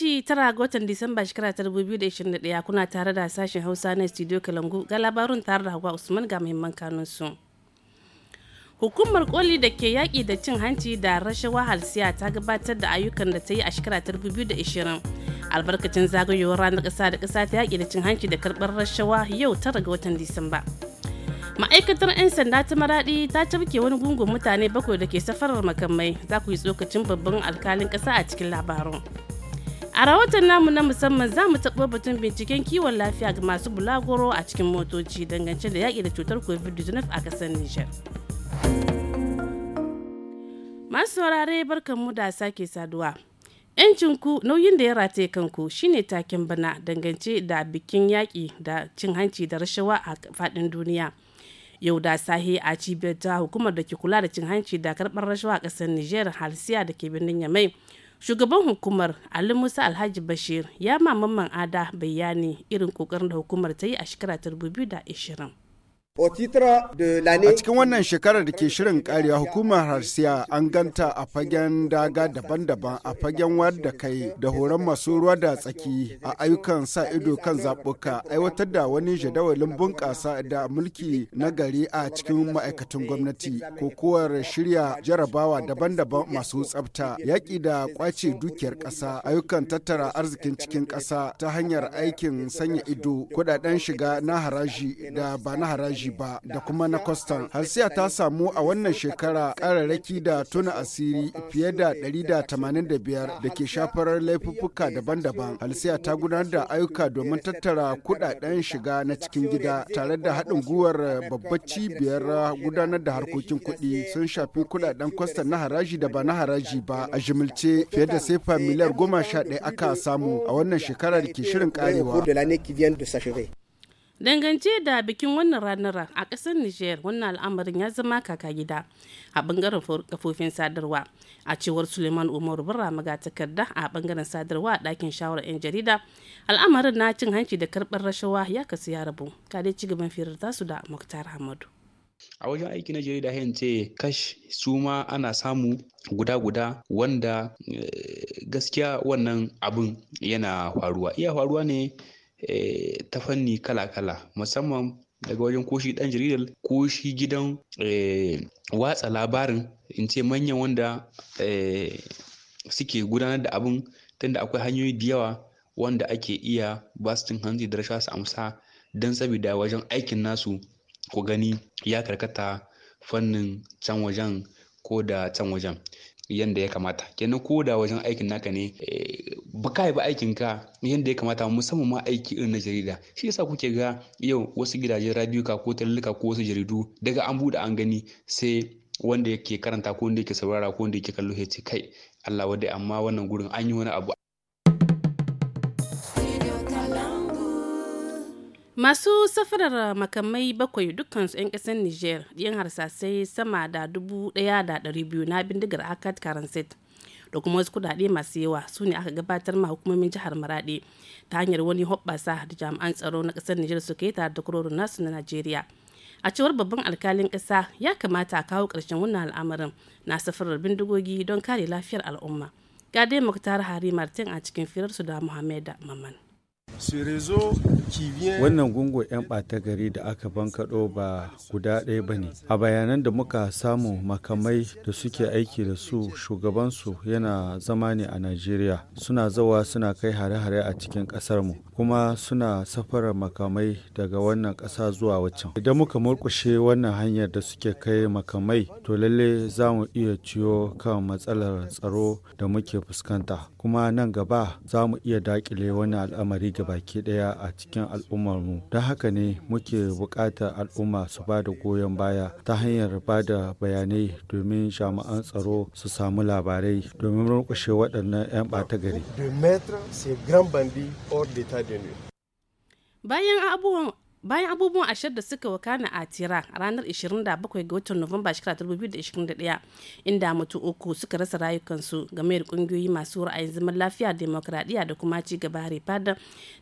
shi tara ga watan Disamba shekara ta daya kuna tare da sashen Hausa na Studio Kalangu ga labarun tare da hawa Usman ga muhimman kanunsu. Hukumar koli da ke yaƙi da cin hanci da rashawa halsiya ta gabatar da ayyukan da ta yi a shekara ta ishirin. albarkacin zagayowar ranar ƙasa da ƙasa ta yaƙi da cin hanci da karɓar rashawa yau tara ga watan Disamba. ma'aikatar 'yan sanda ta maraɗi ta cafke wani gungun mutane bakwai da ke safarar makamai za ku yi tsokacin babban alkalin ƙasa a cikin labarun. A rahoton namu na musamman za mu taɓo batun binciken kiwon lafiya ga masu bulagoro a cikin motoci dangance da yaƙi da cutar COVID-19 a kasar Nijar. Masu saurare mu da sake saduwa. yancin ku nauyin da ya rataye kanku shine taken bana dangance da bikin yaƙi da cin hanci da rashawa a faɗin duniya. yau da sahi a cibiyar ta hukumar da ke kula da cin hanci da karɓar rashawa a ƙasar niger halsiya da ke birnin yamai shugaban hukumar ali musa alhaji bashir ya ma mamman ada bayani irin kokarin da hukumar ta yi a shekara 2020 A cikin wannan shekarar da ke shirin karya hukumar harsiya an ganta a fagen daga daban-daban a fagen wadda kai da horon masu ruwa da tsaki a ayyukan sa ido kan zaɓuka aiwatar da wani jadawalin bunƙasa da mulki na gari a cikin ma'aikatan gwamnati kokowar shirya jarabawa daban-daban masu tsafta yaƙi da ƙwace dukiyar ƙasa ayyukan tattara arzikin cikin ƙasa ta hanyar aikin sanya ido kuɗaɗen shiga na haraji da ba na haraji ba da kuma na kwastan. Halsiya ta samu a wannan shekara ƙararraki da tuna asiri fiye da 185 da ke shafar laifuffuka daban-daban. Halsiya ta gudanar da ayyuka domin tattara kudaden shiga na cikin gida tare da haɗin gwiwar babbar cibiyar gudanar da harkokin kuɗi sun shafi kudaden kwastan na haraji da ba na haraji ba a jimilce fiye da sefa miliyar goma sha ɗaya aka samu a wannan shekarar ke shirin karewa. dangance da bikin wannan ranar a ƙasar niger wannan al'amarin ya zama kaka gida a bangaren kafofin sadarwa a cewar suleiman umaru barra takarda a bangaren sadarwa a dakin shawarar 'yan jarida al'amarin na cin hanci da karbar rashawa ya kasu ya rabu kare ci gaban firar tasu da muktar hamadu a wajen aiki na jarida hen ce kash su ma ana samu guda-guda wanda eh, gaskiya wannan abin yana faruwa iya faruwa ne Eh, ta fanni kala-kala musamman daga wajen koshi dan jaridar koshi gidan eh, watsa labarin in ce manyan wanda eh, suke gudanar da abin tunda akwai hanyoyi da yawa wanda ake iya bastin hanzu hanzi da rashawa su amsa don saboda wajen aikin nasu ku gani ya karkata fannin can wajen ko da can wajen yanda ya kamata kenan ko da wajen aikin naka ne ba eh, ka yi ba aikin ka yanda ya kamata musamman ma aiki irin na jarida shi yasa kuke ga yau wasu gidajen ka ko talluka ko wasu jaridu daga an buɗe an gani sai wanda yake karanta ko wanda yake saurara ko wanda yake kallo ya ce kai Allah wadai amma wannan gurin an yi wani abu masu safarar makamai bakwai dukansu 'yan kasar niger yan harsasai sama da da biyu na bindigar akad karanset da kuma wasu kudade masu yawa su ne aka gabatar ma hukumomin jihar maradi ta hanyar wani hoɓɓasa da jami'an tsaro na ƙasar niger suka yi tare da kurorin nasu na najeriya a cewar babban alkalin ƙasa ya kamata a kawo ƙarshen wannan al'amarin na safarar bindigogi don kare lafiyar al'umma ga dai muktar hari martin a cikin firarsu da muhammad maman Wannan gungun 'yan ɓata gari da aka bankaɗo ba guda ɗaya ba ne. A bayanan da muka samu makamai da suke aiki da su shugabansu yana zama ne a Najeriya. Suna zawa suna kai hare-hare a cikin ƙasarmu kuma suna safarar makamai daga wannan ƙasa zuwa waccan. Idan muka murƙushe wannan hanyar da suke kai makamai to lalle za mu iya ciyo kan matsalar tsaro da muke fuskanta. Kuma nan gaba za mu iya daƙile wani al'amari gaba. baki daya a cikin al'ummarmu don haka ne muke buƙatar al'umma su ba da goyon baya ta hanyar ba da bayanai domin jami'an tsaro su samu labarai domin rukushe waɗannan 'yan ɓata gari bayan bayan abubuwan ashir da suka wakana a tira ranar 27 ga watan nuwamba shekara 2021 inda mutu uku suka rasa rayukansu game da kungiyoyi masu ra'ayin zaman lafiya demokradiyya da kuma ci gaba haripada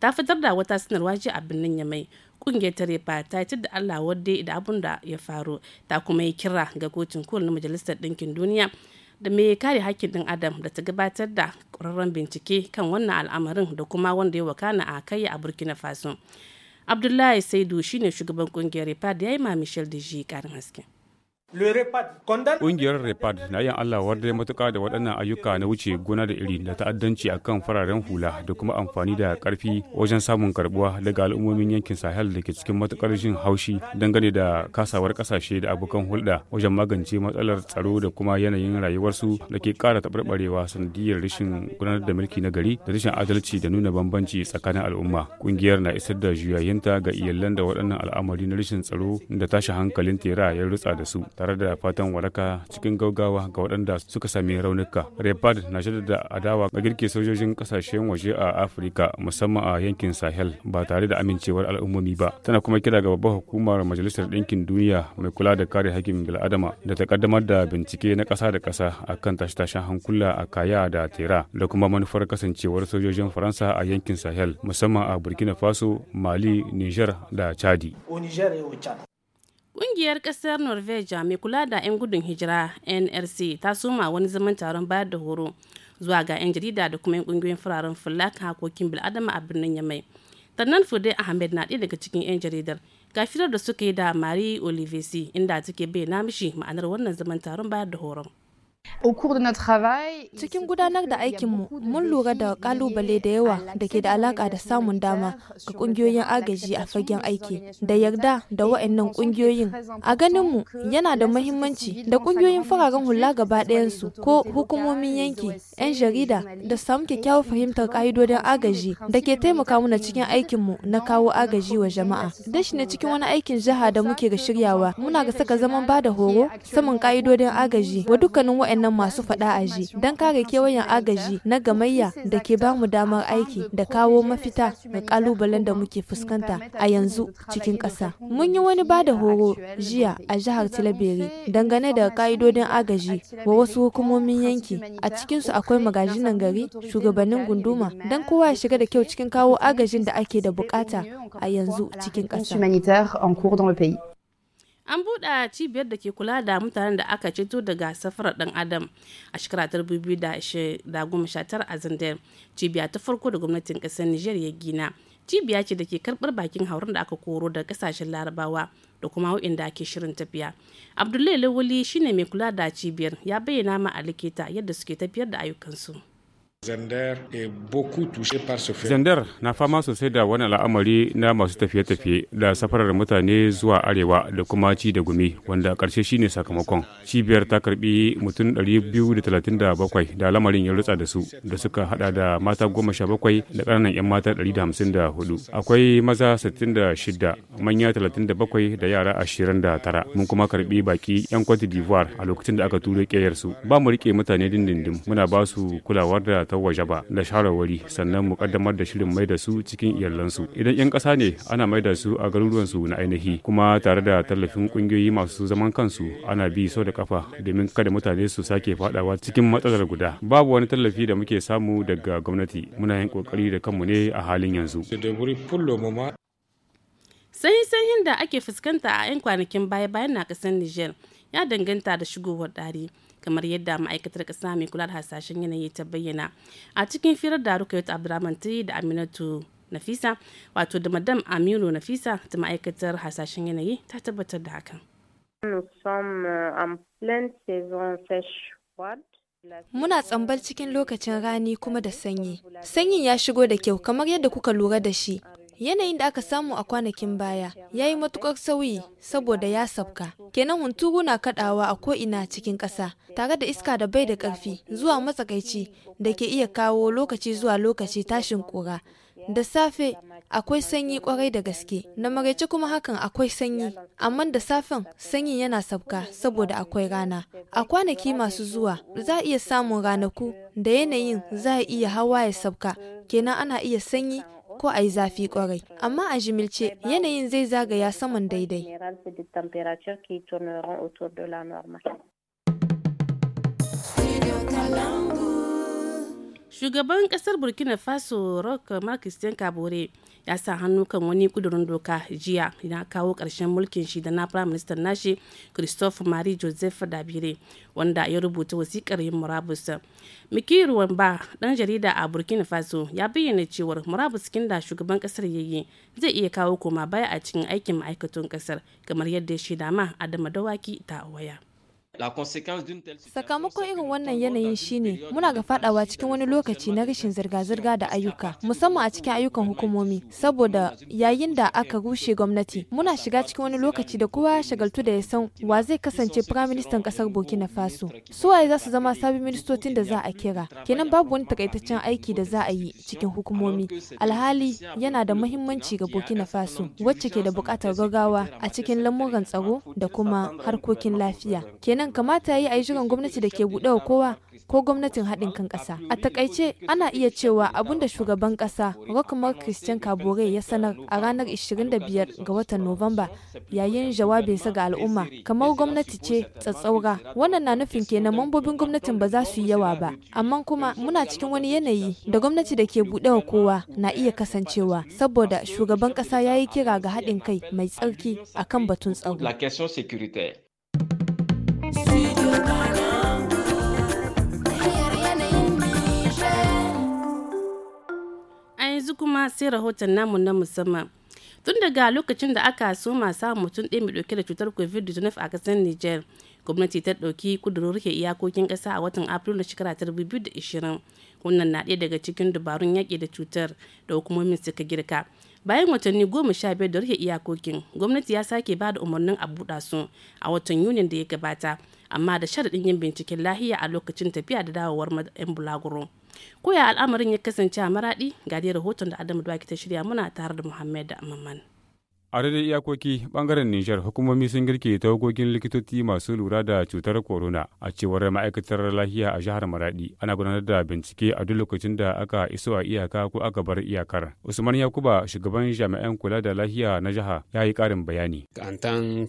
ta fitar da wata sanarwa ce a birnin mai kungiyar ta refa ta yi da allah wadda da abun da ya faru ta kuma yi kira ga kotun kol na majalisar ɗinkin duniya da mai kare hakkin ɗin adam da ta gabatar da ƙwararren bincike kan wannan al'amarin da kuma wanda ya wakana a kai a burkina faso abdullahi saidu shine shugaban kungiyar ipad ya yi ma michel deji karin hasken Ƙungiyar Repad na yin Allah wadda matuƙa da waɗannan ayyuka na wuce gona da iri da ta'addanci a kan fararen hula da kuma amfani da ƙarfi wajen samun karbuwa daga al'ummomin yankin Sahel da ke cikin matuƙar jin haushi dangane da kasawar ƙasashe da abokan hulɗa wajen magance matsalar tsaro da kuma yanayin rayuwarsu da ke ƙara taɓarɓarewa sanadiyar rashin gudanar da mulki na gari da rashin adalci da nuna bambanci tsakanin al'umma. Ƙungiyar na isar da juyayinta ga iyalan da waɗannan al'amari na rashin tsaro da tashi hankalin tera ya rutsa da su. tare da fatan waraka cikin gaugawa ga waɗanda suka sami raunuka. Repad na shaida da adawa ga girke sojojin ƙasashen waje a Afirka musamman a yankin Sahel ba tare da amincewar al'ummomi ba. Tana kuma kira ga babbar hukumar Majalisar Ɗinkin Duniya mai kula da kare haƙƙin bil'adama da ta ƙaddamar da bincike na ƙasa da ƙasa kan tashe-tashen hankula a Kaya da Tera da kuma manufar kasancewar sojojin Faransa a yankin Sahel musamman a Burkina Faso, Mali, Niger da Chadi. Ƙungiyar ƙasar Norveja mai kula da 'yan gudun hijira NRC ta soma wani zaman taron bayar da horo zuwa ga 'yan jarida da kuma 'yan ƙungiyoyin fararen fulla hakokin bil'adama a birnin Yamai. Tannan Fude Ahmed na ɗaya daga cikin 'yan jaridar gafirar da suka yi da Marie Olivesi inda take bayyana mishi ma'anar wannan zaman taron bayar da horon. Cikin gudanar da aikinmu, mun lura da kalubale da yawa da ke da alaka da samun dama ga ƙungiyoyin agaji a fagen aiki da yarda da wa'annan ƙungiyoyin A ganinmu yana da mahimmanci da ƙungiyoyin fararen hula gaba ɗayansu ko hukumomin yanki, 'yan jarida da samu kyakkyawar fahimtar ƙa'idodin agaji da ke taimaka mana cikin aikinmu na kawo agaji wa jama'a. Dashi ne cikin wani aikin jiha da muke ga shiryawa, muna ga saka zaman ba da horo samun ƙa'idodin agaji wa dukkanin wa'annan wa'annan masu faɗa aji don kare kewayen agaji na gamayya da ke ba mu damar aiki da kawo mafita ga kalubalen da muke fuskanta a yanzu cikin ƙasa. Mun yi wani ba da horo jiya a jihar Tilabere dangane da ka'idodin agaji wa wasu hukumomin yanki a cikinsu akwai magajinan gari shugabannin gunduma don kowa ya shiga da kyau cikin kawo agajin da ake da bukata a yanzu cikin ƙasa. an buɗe cibiyar da ke kula da mutanen da aka ceto daga safarar ɗan adam a shekara ta tara a zandar cibiya ta farko da gwamnatin ƙasar niger ya gina cibiya ce da ke karɓar bakin hauren da aka koro daga ƙasashen larabawa da kuma da ake shirin tafiya abdullahi lawali shine mai kula da cibiyar ya bayyana ma a likita yadda suke tafiyar da ayyukansu Zender na fama sosai da wani al'amari na masu tafiye-tafiye da safarar mutane zuwa arewa da kuma ci da gumi wanda karshe shi shine sakamakon. Cibiyar ta karbi mutum 237 da lamarin ya rutsa da su da suka hada da mata 17 da ƙananan 'yan mata 154. Akwai maza 66, manya 37 da yara 29. Mun kuma karbi baki 'yan Cote d'Ivoire a lokacin da aka ture ƙeyar su. Ba mu rike mutane dindindin muna ba su kulawar da ta waje ba da wuri sannan mu kaddamar da shirin mai da su cikin iyalansu idan yan ƙasa ne ana mai da su a garuruwan su na ainihi kuma tare da tallafin ƙungiyoyi masu zaman kansu ana bi so da kafa domin kada mutane su sake fadawa cikin matsalar guda babu wani tallafi da muke samu daga gwamnati muna yin kokari da kanmu ne a halin yanzu sahihin da ake fuskanta a 'yan kwanakin baya bayan na kasar niger ya danganta da shigowar ɗari kamar yadda ma'aikatar ƙasa mai kula da hasashen yanayi ta bayyana a cikin firar da ta abdulrahman da aminatu nafisa wato da madam aminu nafisa ta ma'aikatar hasashen yanayi ta tabbatar da hakan euh, Muna tsambar cikin lokacin rani kuma da sanyi. Sanyin ya shigo da kyau kamar yadda kuka lura da shi, Yanayin da aka samu a kwanakin baya ya yi matukar sauyi saboda ya sabka. Kenan hunturu na kadawa a ko'ina cikin ƙasa tare da iska da bai da ƙarfi zuwa matsakaici da ke iya kawo lokaci zuwa lokaci tashin kura Da safe akwai sanyi kwarai da gaske, na maraice kuma hakan akwai sanyi, amma da safen sanyi yana sabka saboda akwai rana. A kwanaki masu zuwa za a iya samun ranaku da yanayin za a iya hawa ya sabka, kenan ana iya sanyi ko a yi zafi kwarai. Amma a jimilce yanayin zai zagaya saman daidai. Shugaban kasar Burkina Faso Rock Mark Christian Kabore ya sa hannu kan wani kudurin doka jiya ya kawo ƙarshen mulkin shi da na prime minister nashi christophe marie joseph dabire wanda ya rubuta wasikar yin murabus miki ba dan jarida a burkina faso ya bayyana cewar murabus da shugaban kasar yayi zai iya kawo koma baya a cikin aikin ma'aikatan kasar kamar yadda ya shaida ma adama dawaki ta waya. Sakamakon irin wannan yanayin shine muna ga fadawa cikin wani lokaci na rashin zirga-zirga da ayyuka, musamman a cikin ayyukan hukumomi, saboda yayin da aka rushe gwamnati, muna shiga cikin wani lokaci da kowa ya shagaltu da ya san wa zai kasance firaministan kasar Burkina Faso. Su waye za su zama sabbin ministocin da za a kira, kenan babu wani takaitaccen aiki da za a yi cikin hukumomi. Alhali yana da muhimmanci ga Burkina Faso, wacce ke da bukatar gaggawa a cikin lamuran tsaro da kuma harkokin lafiya. Kenan nan kamata ya yi a yi jiran gwamnati da ke buɗe wa kowa ko gwamnatin haɗin kan ƙasa. A takaice ana iya cewa abin da shugaban ƙasa Rockmar Christian Kabore ya sanar a ranar 25 ga watan Nuwamba yayin jawabinsa ga al'umma kamar gwamnati ce tsatsaura. Wannan na nufin kenan mambobin gwamnatin ba za su yi yawa ba, amma kuma muna cikin wani yanayi da gwamnati da ke buɗe wa kowa na iya kasancewa saboda shugaban ƙasa ya yi kira ga haɗin kai mai tsarki akan batun tsaro. A yanzu kuma sai rahoton namu na musamman. Tun daga lokacin da aka soma samun mutum ɗaya mai ɗauke da cutar COVID-19 a ƙasar Nijar, gwamnati ta ɗauki kudurin rufe iyakokin ƙasa a watan Afrilu na shekara ta 2020. Wannan na ɗaya daga cikin dabarun yaƙi da cutar da hukumomin suka girka. bayan watanni goma sha biyar da rufe iyakokin gwamnati ya sake ba da umarnin a buɗa su a watan yunin da ya gabata amma da sharaɗin yin binciken lahiya a lokacin tafiya da dawowar 'yan bulaguro koya al'amarin ya kasance a maraɗi ga dai rahoton da adamu dwaki ta shirya muna tare da muhammad da amman a daidai iyakoki bangaren nijar hukumomi sun girke tawagogin likitoci masu lura da cutar corona a cewar ma'aikatar lahiya a jihar maradi ana gudanar da bincike a duk lokacin da aka iso a iyaka ko aka bar iyakar usman yakuba shugaban jami'an kula da lahiya na jiha ya yi karin bayani a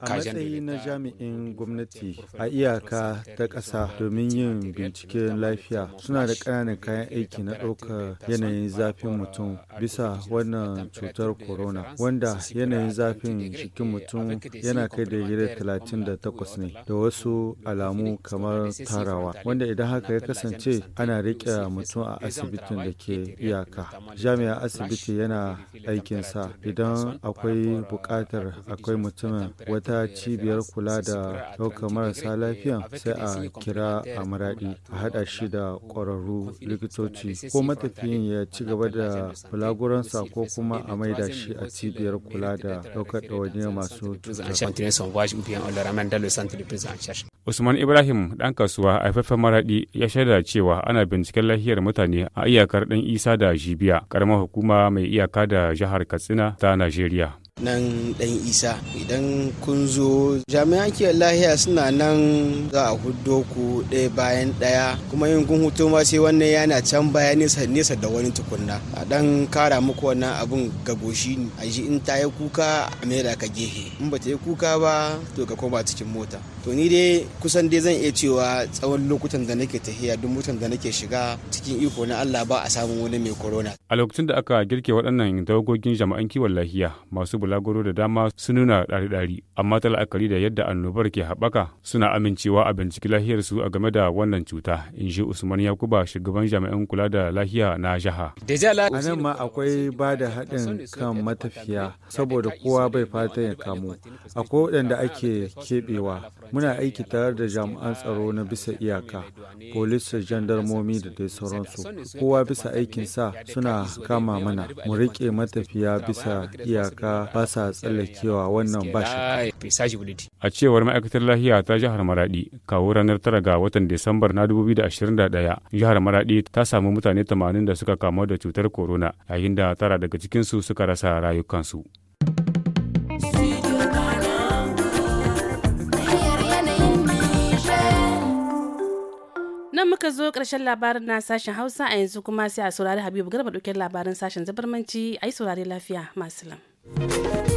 matsayi na jami'in gwamnati a iyaka ta ƙasa domin yin binciken lafiya suna da ƙananan kayan aiki na ɗaukar yanayin zafin mutum bisa wannan cutar corona wanda yanayin zafin jikin mutum yana kai da talatin da takwas ne da wasu alamu kamar tarawa wanda idan haka ya kasance ana rike mutum a asibitin da ke iyaka jami'a asibiti yana aikinsa idan akwai bukatar akwai mutumin wata cibiyar kula da ɗaukar marasa lafiya sai a kira a maraɗi a haɗa shi da ƙwararru likitoci ko matafiyin ya ci gaba da bulaguransa ko kuma a maida shi a cibiyar kula da ɗaukar ɗawainiyar masu Usman Ibrahim ɗan kasuwa a faifan maraɗi ya shaida cewa ana binciken lafiyar mutane a iyakar ɗan Isa da Jibiya, ƙaramar hukuma mai iyaka da jihar Katsina ta Najeriya. nan dan isa idan kun zo jami'an kiwon lahiya suna nan za a hudo ku ɗaya bayan ɗaya kuma yin kun hutu ma sai wannan yana can baya nesa nesa da wani tukunna a dan kara muku wannan abun ga goshi ne a ji in ta yi kuka a mai ka gehe in ba ta yi kuka ba to ka koma cikin mota to ni dai kusan dai zan iya cewa tsawon lokutan da nake tafiya duk motan da nake shiga cikin iko na Allah ba a samun wani mai corona a lokacin da aka girke waɗannan dawogogin jami'an kiwon lahiya masu bula balaguro da dama sun nuna ɗari-ɗari, amma ta la'akari da yadda annobar ke haɓaka suna amincewa a binciki lahiyarsu a game da wannan cuta, in ji Usman Yakuba shugaban jami'an kula da lahiya na jiha. A nan ma akwai ba da haɗin kan matafiya saboda kowa bai fata ya kamu. Akwai waɗanda ake keɓewa. Muna aiki tare da jami'an tsaro na bisa iyaka, polis da jandarmomi da dai sauransu. Kowa bisa aikinsa suna kama mana. Mu rike matafiya bisa iyaka ba sa tsallakewa wannan bashi. A cewar ma'aikatar lahiya ta jihar Maradi, kawo ranar tara ga watan Disambar na 2021, jihar Maradi ta samu mutane 80 da suka kamu da cutar corona, yayin da tara daga cikinsu suka rasa rayukansu. nan muka zo ƙarshen labarin na sashen hausa a yanzu kuma sai a saurari habibu garba ɗauke labarin sashen zabarmanci a yi saurari lafiya masu lam. Thank you.